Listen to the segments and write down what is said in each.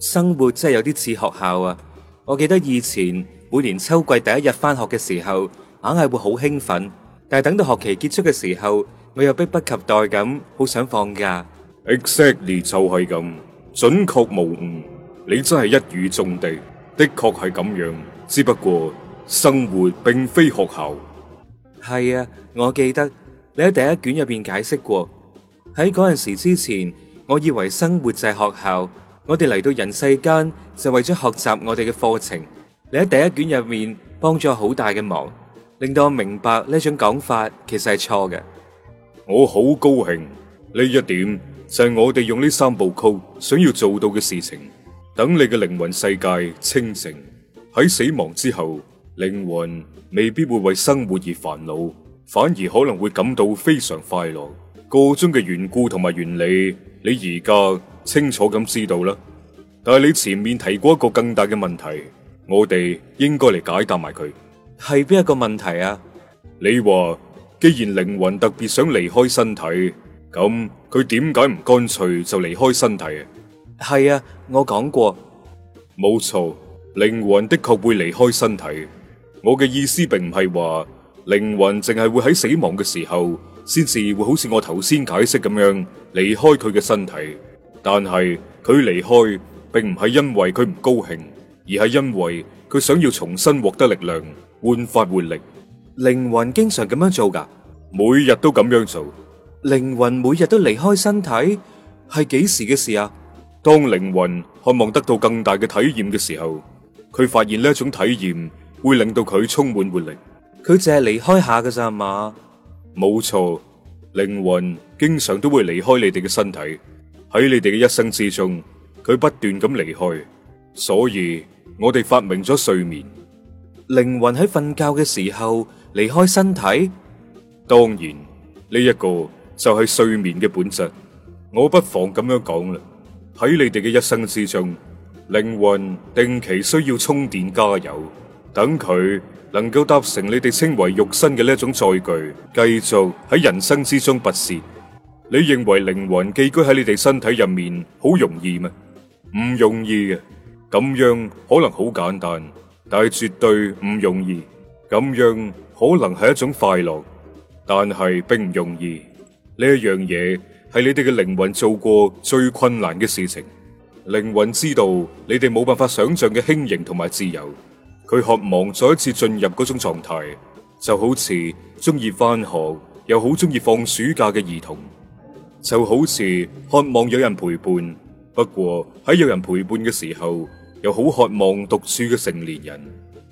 生活真係有啲似學校啊！我記得以前每年秋季第一日翻學嘅時候，硬係會好興奮。但係等到學期結束嘅時候，我又迫不及待咁好想放假。Exactly 就係咁，準確無誤，你真係一語中的，的確係咁樣。只不過生活並非學校。係啊，我記得你喺第一卷入邊解釋過，喺嗰陣時之前，我以為生活就係學校。我哋嚟到人世間就為咗學習我哋嘅課程，你喺第一卷入面幫咗好大嘅忙，令到我明白呢種講法其實係錯嘅。我好高興，呢一點就係我哋用呢三部曲想要做到嘅事情。等你嘅靈魂世界清醒，喺死亡之後，靈魂未必會為生活而煩惱，反而可能會感到非常快樂。個中嘅緣故同埋原理，你而家。清楚咁知道啦，但係你前面提過一個更大嘅問題，我哋應該嚟解答埋佢。係邊一個問題啊？你話既然靈魂特別想離開身體，咁佢點解唔乾脆就離開身體啊？係啊，我講過，冇錯，靈魂的確會離開身體。我嘅意思並唔係話靈魂淨係會喺死亡嘅時候，先至會好似我頭先解釋咁樣離開佢嘅身體。但係佢離開，並唔係因為佢唔高興，而係因為佢想要重新獲得力量，煥發活力。靈魂經常咁樣做噶，每日都咁樣做。靈魂每日都離開身體係幾時嘅事啊？當靈魂渴望得到更大嘅體驗嘅時候，佢發現呢一種體驗會令到佢充滿活力。佢淨係離開下噶咋嘛？冇錯，靈魂經常都會離開你哋嘅身體。喺你哋嘅一生之中，佢不斷咁離開，所以我哋發明咗睡眠。靈魂喺瞓覺嘅時候離開身體，當然呢一個就係睡眠嘅本質。我不妨咁樣講啦。喺你哋嘅一生之中，靈魂定期需要充電加油，等佢能夠搭乘你哋稱為肉身嘅呢一種載具，繼續喺人生之中跋涉。你認為靈魂寄居喺你哋身體入面好容易咩？唔容易嘅。咁樣可能好簡單，但係絕對唔容易。咁樣可能係一種快樂，但係並唔容易。呢一樣嘢係你哋嘅靈魂做過最困難嘅事情。靈魂知道你哋冇辦法想象嘅輕盈同埋自由，佢渴望再一次進入嗰種狀態，就好似中意翻學又好中意放暑假嘅兒童，就好似渴望有人陪伴，不過喺有人陪伴嘅時候，又好渴望獨處嘅成年人。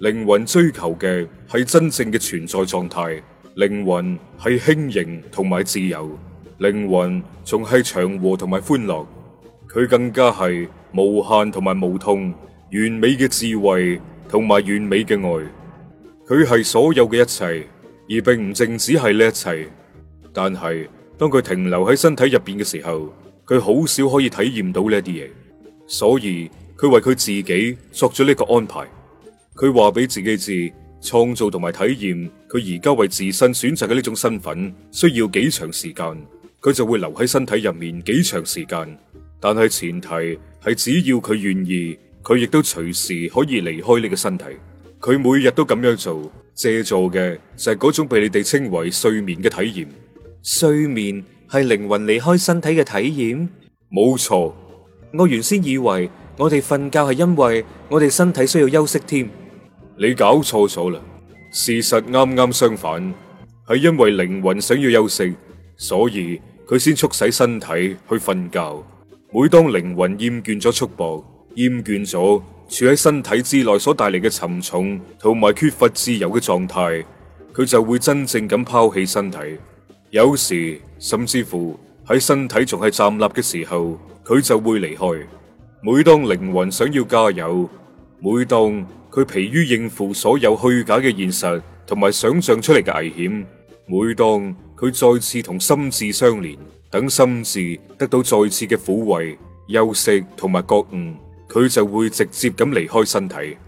靈魂追求嘅係真正嘅存在狀態，靈魂係輕盈同埋自由，靈魂仲係祥和同埋歡樂，佢更加係無限同埋無痛，完美嘅智慧同埋完美嘅愛，佢係所有嘅一切，而並唔淨止係呢一切，但係。當佢停留喺身體入邊嘅時候，佢好少可以體驗到呢啲嘢，所以佢為佢自己作咗呢個安排。佢話俾自己知，創造同埋體驗佢而家為自身選擇嘅呢種身份，需要幾長時間，佢就會留喺身體入面幾長時間。但係前提係只要佢願意，佢亦都隨時可以離開你嘅身體。佢每日都咁樣做，借助嘅就係嗰種被你哋稱為睡眠嘅體驗。睡眠係靈魂離開身體嘅體驗？冇錯。我原先以為我哋瞓覺係因為我哋身體需要休息添。你搞錯咗啦，事實啱啱相反，係因為靈魂想要休息，所以佢先促使身體去瞓覺。每當靈魂厭倦咗束縛、厭倦咗處喺身體之內所帶嚟嘅沉重同埋缺乏自由嘅狀態，佢就會真正咁拋棄身體。有時甚至乎喺身體仲係站立嘅時候，佢就會離開。每當靈魂想要加油，每當佢疲於應付所有虛假嘅現實同埋想象出嚟嘅危險，每當佢再次同心智相連，等心智得到再次嘅撫慰、休息同埋覺悟，佢就會直接咁離開身體。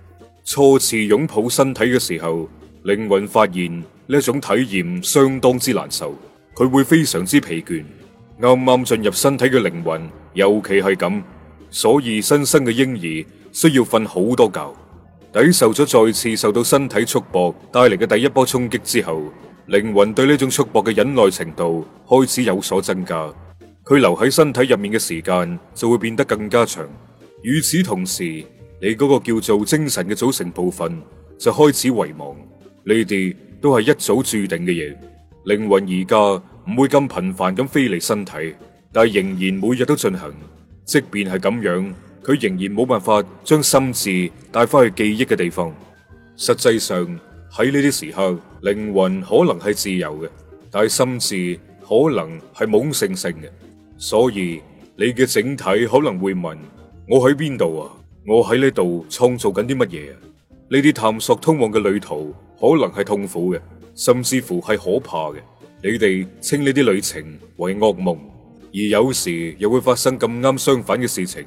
初次擁抱身體嘅時候，靈魂發現呢一種體驗相當之難受。佢會非常之疲倦，啱啱進入身體嘅靈魂，尤其係咁，所以新生嘅嬰兒需要瞓好多覺。抵受咗再次受到身體束縛帶嚟嘅第一波衝擊之後，靈魂對呢種束縛嘅忍耐程度開始有所增加，佢留喺身體入面嘅時間就會變得更加長。與此同時，你嗰個叫做精神嘅組成部分就開始遺忘，呢啲都係一早注定嘅嘢。靈魂而家唔會咁頻繁咁飛離身體，但係仍然每日都進行。即便係咁樣，佢仍然冇辦法將心智帶翻去記憶嘅地方。實際上喺呢啲時候，靈魂可能係自由嘅，但係心智可能係懵盛盛嘅。所以你嘅整體可能會問：我喺邊度啊？我喺呢度創造緊啲乜嘢啊？呢啲探索通往嘅旅途可能係痛苦嘅。甚至乎係可怕嘅，你哋稱呢啲旅程為噩夢，而有時又會發生咁啱相反嘅事情。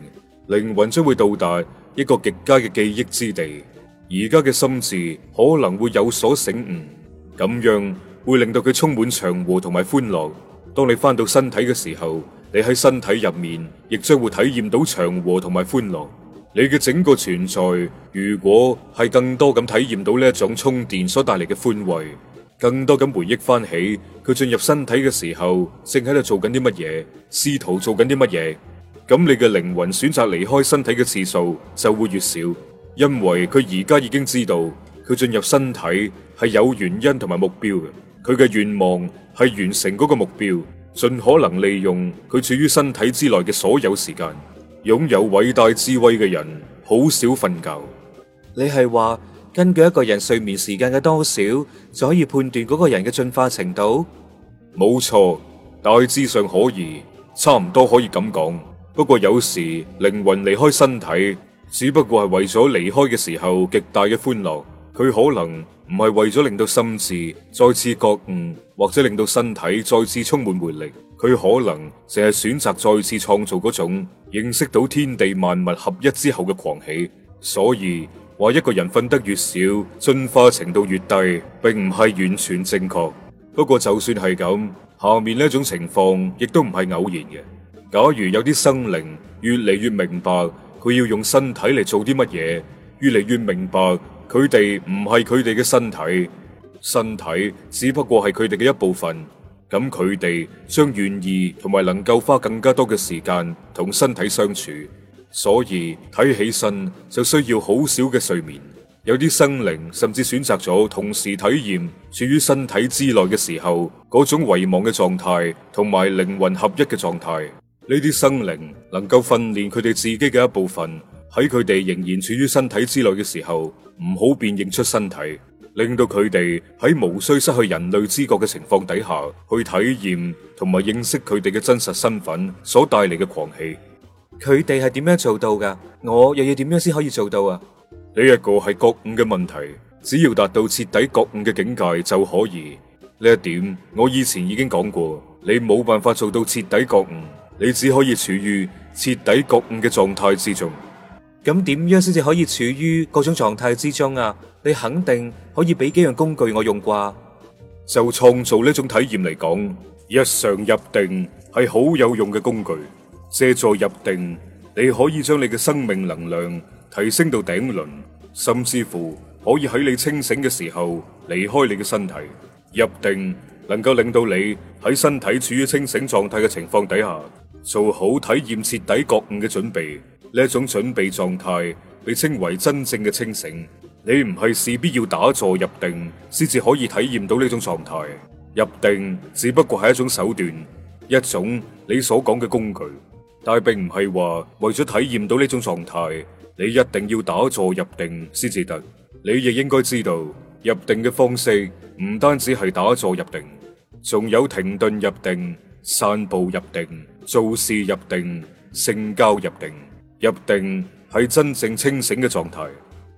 靈魂將會到達一個極佳嘅記憶之地，而家嘅心智可能會有所醒悟，咁樣會令到佢充滿祥和同埋歡樂。當你翻到身體嘅時候，你喺身體入面亦將會體驗到祥和同埋歡樂。你嘅整個存在，如果係更多咁體驗到呢一種充電所帶嚟嘅歡慰。更多咁回憶翻起佢進入身體嘅時候，正喺度做緊啲乜嘢，試圖做緊啲乜嘢。咁你嘅靈魂選擇離開身體嘅次數就會越少，因為佢而家已經知道佢進入身體係有原因同埋目標嘅。佢嘅願望係完成嗰個目標，盡可能利用佢處於身體之內嘅所有時間。擁有偉大智慧嘅人好少瞓覺。你係話？根據一個人睡眠時間嘅多少，就可以判斷嗰個人嘅進化程度。冇錯，大致上可以，差唔多可以咁講。不過有時靈魂離開身體，只不過係為咗離開嘅時候極大嘅歡樂。佢可能唔係為咗令到心智再次覺悟，或者令到身體再次充滿活力。佢可能淨係選擇再次創造嗰種認識到天地萬物合一之後嘅狂喜。所以，話一個人瞓得越少，進化程度越低，並唔係完全正確。不過就算係咁，下面呢種情況亦都唔係偶然嘅。假如有啲生靈越嚟越明白，佢要用身體嚟做啲乜嘢，越嚟越明白，佢哋唔係佢哋嘅身體，身體只不過係佢哋嘅一部分，咁，佢哋將願意同埋能夠花更加多嘅時間同身體相處。所以睇起身就需要好少嘅睡眠。有啲生靈甚至選擇咗同時體驗處於身體之內嘅時候嗰種遺忘嘅狀態，同埋靈魂合一嘅狀態。呢啲生靈能夠訓練佢哋自己嘅一部分喺佢哋仍然處於身體之內嘅時候，唔好辨認出身體，令到佢哋喺無需失去人類知覺嘅情況底下，去體驗同埋認識佢哋嘅真實身份所帶嚟嘅狂喜。佢哋係點樣做到噶？我又要點樣先可以做到啊？呢一個係覺悟嘅問題，只要達到徹底覺悟嘅境界就可以。呢一點我以前已經講過，你冇辦法做到徹底覺悟，你只可以處於徹底覺悟嘅狀態之中。咁點樣先至可以處於各種狀態之中啊？你肯定可以俾幾樣工具我用啩？就創造呢種體驗嚟講，日常入定係好有用嘅工具。借助入定，你可以將你嘅生命能量提升到頂輪，甚至乎可以喺你清醒嘅時候離開你嘅身體。入定能夠令到你喺身體處於清醒狀態嘅情況底下，做好體驗徹底覺悟嘅準備。呢一種準備狀態被稱為真正嘅清醒。你唔係事必要打坐入定先至可以體驗到呢種狀態。入定只不過係一種手段，一種你所講嘅工具。但係並唔係話為咗體驗到呢種狀態，你一定要打坐入定先至得。你亦應該知道，入定嘅方式唔單止係打坐入定，仲有停頓入定、散步入定、做事入定、性交入定。入定係真正清醒嘅狀態。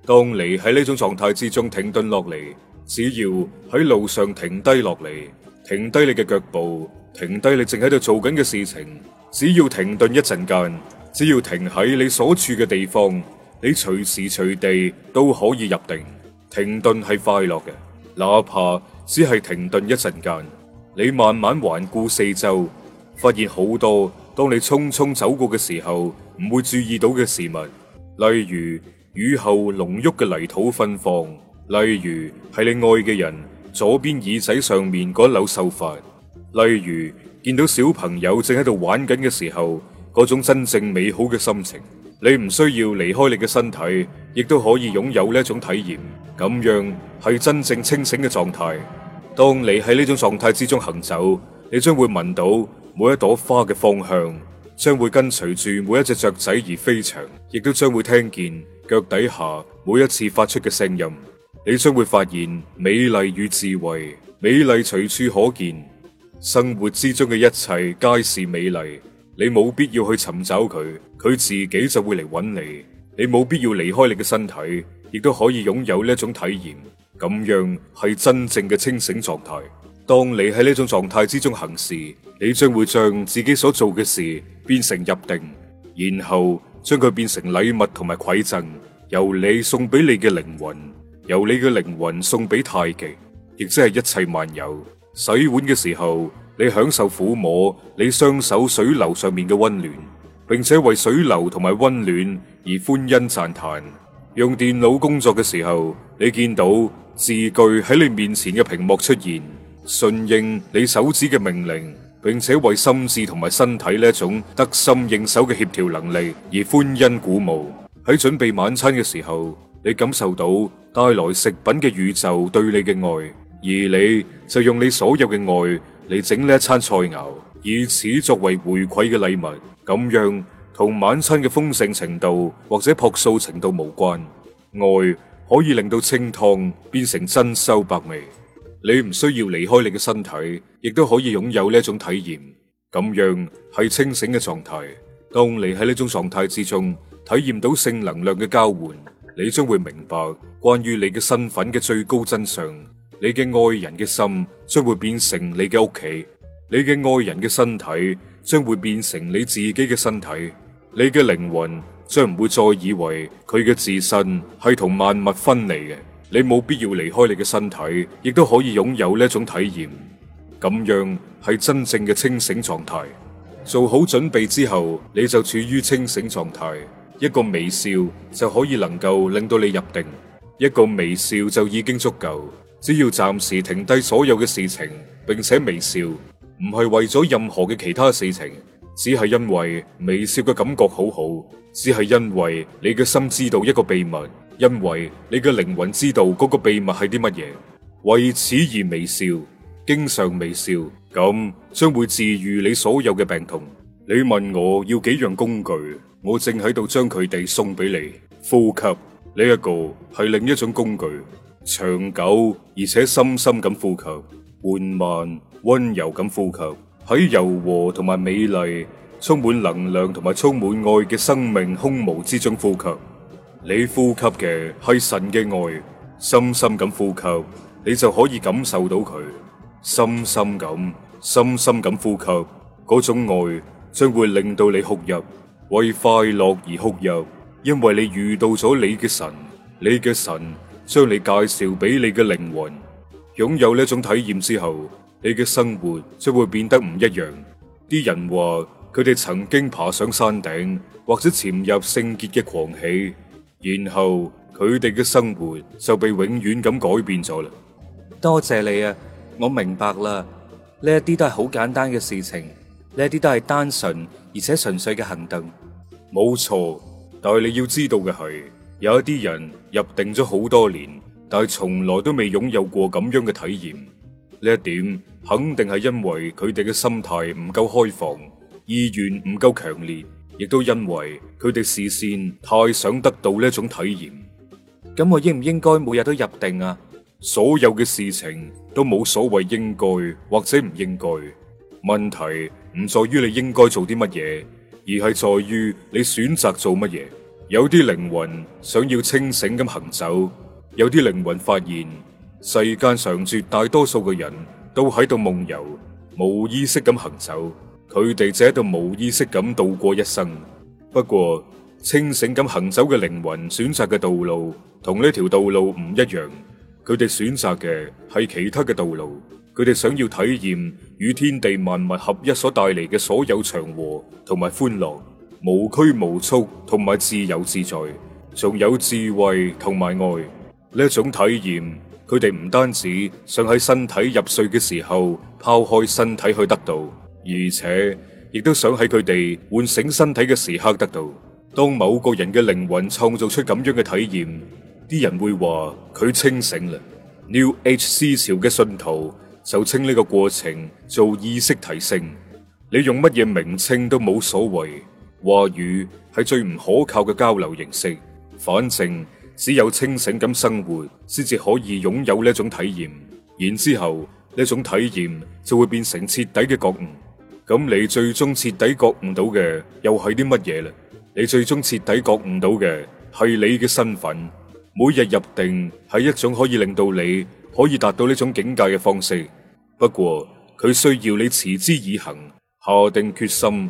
當你喺呢種狀態之中停頓落嚟，只要喺路上停低落嚟，停低你嘅腳步，停低你正喺度做緊嘅事情。只要停頓一陣間，只要停喺你所處嘅地方，你隨時隨地都可以入定。停頓係快樂嘅，哪怕只係停頓一陣間。你慢慢環顧四周，發現好多當你匆匆走過嘅時候唔會注意到嘅事物，例如雨後濃郁嘅泥土芬芳，例如係你愛嘅人左邊耳仔上面嗰一縷秀髮，例如。見到小朋友正喺度玩緊嘅時候，嗰種真正美好嘅心情，你唔需要離開你嘅身體，亦都可以擁有呢一種體驗。咁樣係真正清醒嘅狀態。當你喺呢種狀態之中行走，你將會聞到每一朵花嘅方向，將會跟隨住每一隻雀仔而飛翔，亦都將會聽見腳底下每一次發出嘅聲音。你將會發現美麗與智慧，美麗隨處可見。生活之中嘅一切皆是美麗，你冇必要去尋找佢，佢自己就會嚟揾你。你冇必要離開你嘅身體，亦都可以擁有呢種體驗。咁樣係真正嘅清醒狀態。當你喺呢種狀態之中行事，你將會將自己所做嘅事變成入定，然後將佢變成禮物同埋饋贈，由你送俾你嘅靈魂，由你嘅靈魂送俾太極，亦即係一切萬有。洗碗嘅時候，你享受撫摸你雙手水流上面嘅溫暖，並且為水流同埋溫暖而歡欣讚嘆；用電腦工作嘅時候，你見到字句喺你面前嘅屏幕出現，順應你手指嘅命令，並且為心智同埋身體呢種得心應手嘅協調能力而歡欣鼓舞；喺準備晚餐嘅時候，你感受到帶來食品嘅宇宙對你嘅愛。而你就用你所有嘅愛嚟整呢一餐菜餚，以此作為回饋嘅禮物。咁樣同晚餐嘅豐盛程度或者樸素程度無關。愛可以令到清湯變成珍饈百味。你唔需要離開你嘅身體，亦都可以擁有呢一種體驗。咁樣係清醒嘅狀態。當你喺呢種狀態之中體驗到性能量嘅交換，你將會明白關於你嘅身份嘅最高真相。你嘅愛人嘅心將會變成你嘅屋企，你嘅愛人嘅身體將會變成你自己嘅身體，你嘅靈魂將唔會再以為佢嘅自身係同萬物分離嘅。你冇必要離開你嘅身體，亦都可以擁有呢種體驗。咁樣係真正嘅清醒狀態。做好準備之後，你就處於清醒狀態，一個微笑就可以能夠令到你入定，一個微笑就已經足夠。只要暫時停低所有嘅事情，並且微笑，唔係為咗任何嘅其他事情，只係因為微笑嘅感覺好好，只係因為你嘅心知道一個秘密，因為你嘅靈魂知道嗰個秘密係啲乜嘢，為此而微笑，經常微笑，咁將會治愈你所有嘅病痛。你問我要幾樣工具，我正喺度將佢哋送俾你。呼吸，呢一個係另一種工具。長久而且深深咁呼吸，緩慢溫柔咁呼吸，喺柔和同埋美麗、充滿能量同埋充滿愛嘅生命空無之中呼吸。你呼吸嘅係神嘅愛，深深咁呼吸，你就可以感受到佢。深深咁，深深咁呼吸，嗰種愛將會令到你哭泣，為快樂而哭泣，因為你遇到咗你嘅神，你嘅神。將你介紹俾你嘅靈魂，擁有呢種體驗之後，你嘅生活將會變得唔一樣。啲人話佢哋曾經爬上山頂或者潛入聖潔嘅狂喜，然後佢哋嘅生活就被永遠咁改變咗啦。多謝你啊，我明白啦，呢一啲都係好簡單嘅事情，呢一啲都係單純而且純粹嘅行動。冇錯，但係你要知道嘅係。有一啲人入定咗好多年，但係從來都未擁有過咁樣嘅體驗。呢一點肯定係因為佢哋嘅心態唔夠開放，意願唔夠強烈，亦都因為佢哋視線太想得到呢一種體驗。咁我應唔應該每日都入定啊？所有嘅事情都冇所謂應該或者唔應該。問題唔在於你應該做啲乜嘢，而係在於你選擇做乜嘢。有啲靈魂想要清醒咁行走，有啲靈魂發現世間上絕大多數嘅人都喺度夢遊，冇意識咁行走，佢哋就喺度冇意識咁度過一生。不過清醒咁行走嘅靈魂選擇嘅道路同呢條道路唔一樣，佢哋選擇嘅係其他嘅道路，佢哋想要體驗與天地萬物合一所帶嚟嘅所有祥和同埋歡樂。無拘無束同埋自由自在，仲有智慧同埋愛呢一種體驗，佢哋唔單止想喺身體入睡嘅時候拋開身體去得到，而且亦都想喺佢哋喚醒身體嘅時刻得到。當某個人嘅靈魂創造出咁樣嘅體驗，啲人會話佢清醒啦。New Age 思潮嘅信徒就稱呢個過程做意識提升，你用乜嘢名稱都冇所謂。話語係最唔可靠嘅交流形式。反正只有清醒咁生活，先至可以擁有呢一種體驗。然之後呢種體驗就會變成徹底嘅覺悟。咁你最終徹底覺悟到嘅又係啲乜嘢呢？你最終徹底覺悟到嘅係你嘅身份。每日入定係一種可以令到你可以達到呢種境界嘅方式。不過佢需要你持之以恆，下定決心。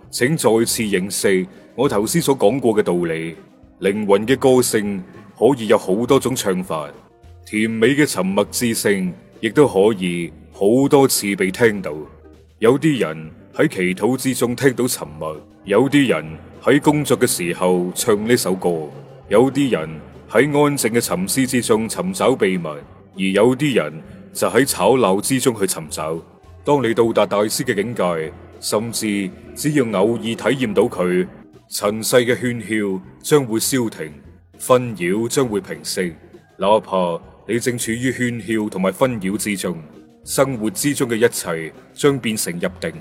請再次認識我頭先所講過嘅道理。靈魂嘅歌聲可以有好多種唱法，甜美嘅沉默之聲亦都可以好多次被聽到。有啲人喺祈禱之中聽到沉默，有啲人喺工作嘅時候唱呢首歌，有啲人喺安靜嘅沉思之中尋找秘密，而有啲人就喺吵鬧之中去尋找。當你到達大師嘅境界，甚至只要偶爾體驗到佢，塵世嘅喧囂將會消停，紛擾將會平息。哪怕你正處於喧囂同埋紛擾之中，生活之中嘅一切將變成入定。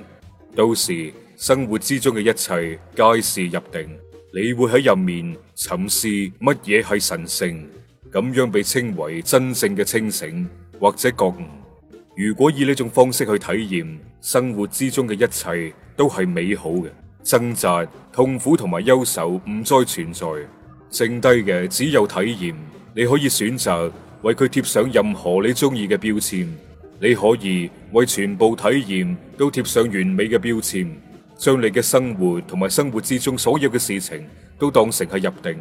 到時生活之中嘅一切皆是入定，你會喺入面沉思：乜嘢係神聖，咁樣被稱為真正嘅清醒或者覺悟。如果以呢種方式去體驗。生活之中嘅一切都係美好嘅，掙扎、痛苦同埋憂愁唔再存在，剩低嘅只有體驗。你可以選擇為佢貼上任何你中意嘅標籤，你可以為全部體驗都貼上完美嘅標籤，將你嘅生活同埋生活之中所有嘅事情都當成係入定，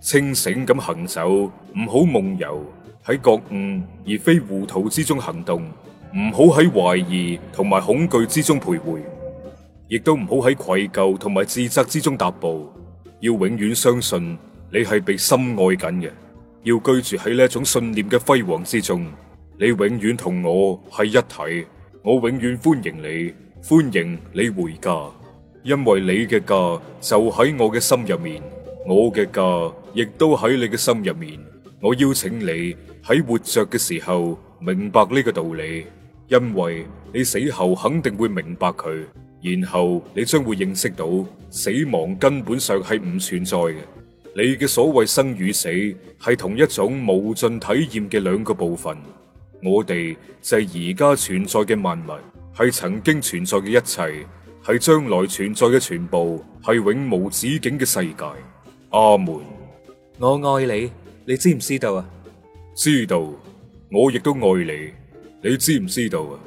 清醒咁行走，唔好夢遊，喺覺悟而非糊塗之中行動。唔好喺懷疑同埋恐懼之中徘徊，亦都唔好喺愧疚同埋自責之中踏步。要永遠相信你係被深愛緊嘅，要居住喺呢一種信念嘅輝煌之中。你永遠同我係一體，我永遠歡迎你，歡迎你回家，因為你嘅家就喺我嘅心入面，我嘅家亦都喺你嘅心入面。我邀請你喺活着嘅時候明白呢個道理。因為你死後肯定會明白佢，然後你將會認識到死亡根本上係唔存在嘅。你嘅所謂生與死係同一種無盡體驗嘅兩個部分。我哋就係而家存在嘅萬物，係曾經存在嘅一切，係將來存在嘅全部，係永無止境嘅世界。阿門，我愛你，你知唔知道啊？知道，我亦都愛你。你知唔知道啊？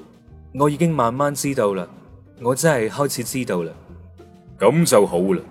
我已經慢慢知道啦，我真係開始知道啦。咁就好啦。